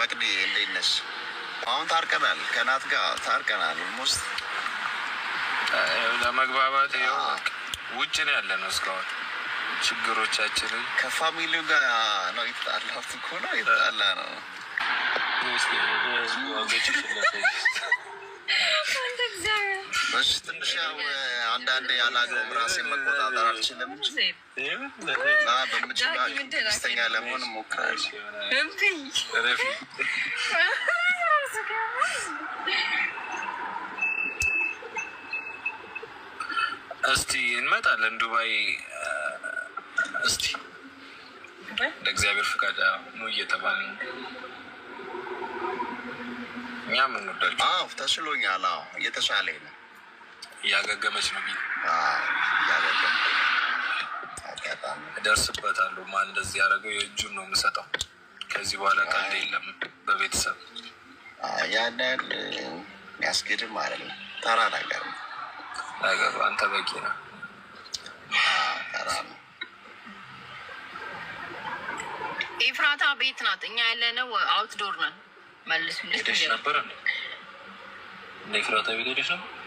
መቅዲ እንዴት ነሽ? አሁን ታርቀናል፣ ከናት ጋር ታርቀናል። ሞስት ለመግባባት ውጭ ነው ያለ ነው እስካሁን ችግሮቻችንን ከፋሚሊው ጋር ነው የተጣላሁት እኮ ነው የተጣላ ነው ገባሽ? ትንሽ ያው አንዳንዴ ያላገውም መቆጣጠር አልችልም ደስተኛ ለመሆን እሞክራለሁ። እስቲ እንመጣለን ዱባይ። እስቲ ለእግዚአብሔር ፍቃድ ኑ እየተባለ ነው። እኛ ምንወዳቸው ተችሎኛል። እየተሻለ ነው እያገገመች ነው። እደርስበታለሁ። ማን እንደዚህ ያደረገው የእጁን ነው የምሰጠው። ከዚህ በኋላ ቀልድ የለም። በቤተሰብ ያን ያህል የሚያስገድም ማለት ተራ ነገር ነው ነገሩ። አንተ በቂ ነው። ኤፍራታ ቤት ናት። እኛ ያለነው አውትዶር ነን። መልሱ ነበር። ኤፍራታ ቤት ሄደሽ ነበር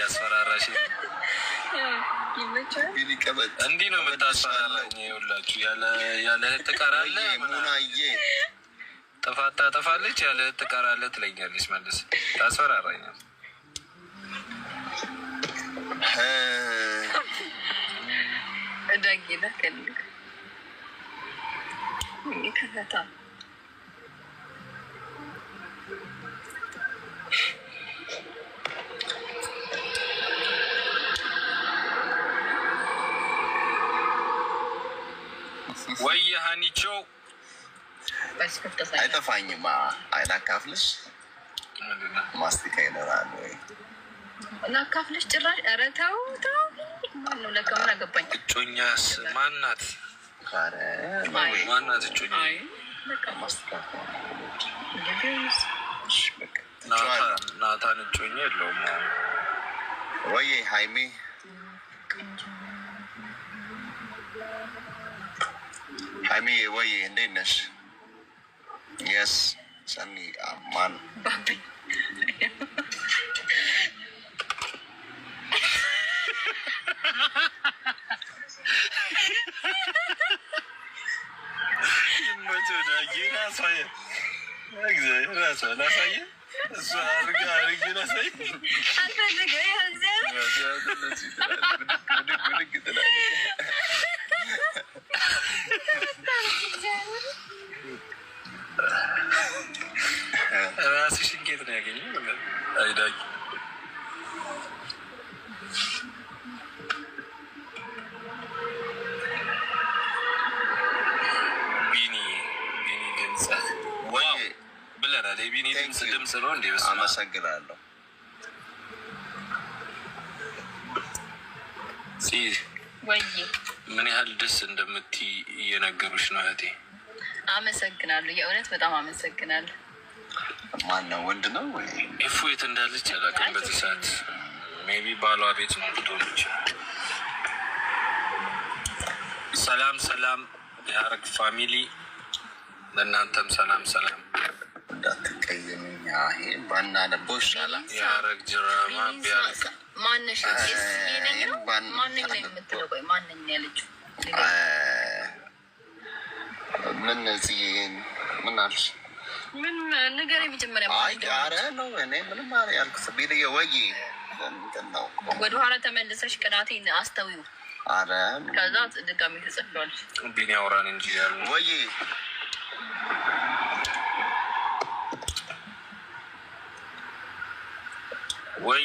ያስፈራራሽ እንዲህ ነው የምታስፈራራኝ። ይኸውላችሁ ያለ እህት ትቀራለህ፣ ጥፋት ታጠፋለች፣ ያለ እህት ትቀራለህ ትለኛለች። መልስ ታስፈራራኝ። እዳጌዳ ከልግ ናቸው። አይጠፋኝም። ላካፍልሽ ማስቲካ ይኖራል ወይ? ላካፍልሽ ጭራሽ። ኧረ ተው ተው። ማነው ለካ ምን አገባኝ። እጮኛስ ማናት? ማናት እጮኛ? ናታን እጮኛ የለውም ወይ? ሀይሜ ሀይሚ ወይ እንዴት ነሽ? የስ ሰኒ አማን ራስሽ እንጌት ነው ያገኘው? አይዳ ቢኒ ቢኒ ድምፅ ብለናል። አመሰግናለሁ። ምን ያህል ደስ እንደምትይ እየነገሩች ነው እህቴ። አመሰግናለሁ። የእውነት በጣም አመሰግናለሁ። ማነው? ወንድ ነው ኢፉ የት እንዳለች አላውቅም። በዚህ ሰዓት ሜይ ቢ ባሏ ቤት ነው ልትሆነች። ሰላም ሰላም፣ የሀረግ ፋሚሊ ለእናንተም ሰላም ሰላም። እንዳትቀየምኛ ይሄ ባናነበው ይሻላል። የሀረግ ድራማ ቢያልቅ ማነሽ ነኝ ነው ማነኝ ነው የምትለው? ቆይ ማነኝ ያለችው ምን ምን አልሽ? ምን ነው እኔ ምንም ያልኩት ወይ ወደኋላ ተመልሰሽ ቅናቴን አስተውዩ። ከዛ ድጋሚ ተጽፍሏል። ቢኒ እንጂ ያሉ ወይ ወይ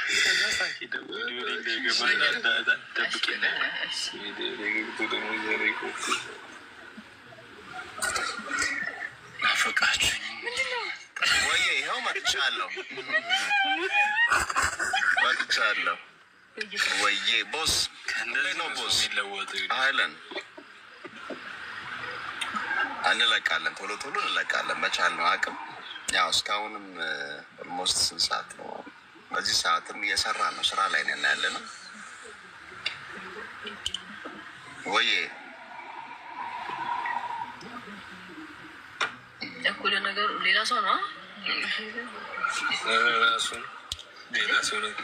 መጥቻለሁ። ወዬ እንለቃለን። ቶሎ ቶሎ እንለቃለን። መቻል ነው አቅም። ያው እስካሁንም ኦልሞስት ስንት ሰዓት ነው? በዚህ ሰዓትም እየሰራ ነው፣ ስራ ላይ ነን ያለ ነው ወይ እኩል ነገሩ ሌላ ሰው ነው።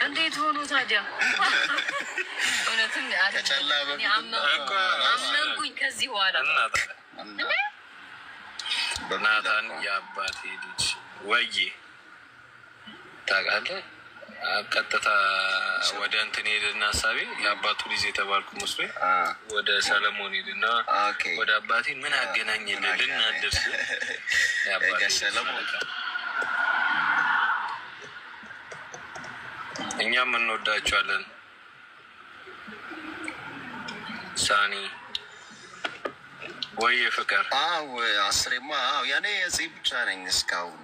እንዴት ሆኖ ታዲያ እውነትም አመንኩኝ። ከዚህ በኋላ ናታን የአባቴ ልጅ ወዬ ታውቃለህ ቀጥታ ወደ እንትን ሄድና ሀሳቤ የአባቱ ልጅ የተባልኩ መስሎ ወደ ሰለሞን ሄድና ወደ አባቴ ምን አገናኝልን ልናድርስ እኛም እንወዳቸዋለን። ሳኒ ወይ ፍቅር አስሬማ ያኔ የዚህ ብቻ ነኝ እስካሁን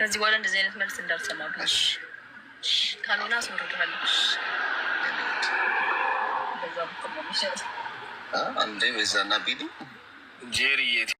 ከዚህ በኋላ እንደዚህ አይነት መልስ እንዳልሰማ ካልሆነ አስወርድሃለሁ። አንዴ በዛና ቢሉ ጄሪ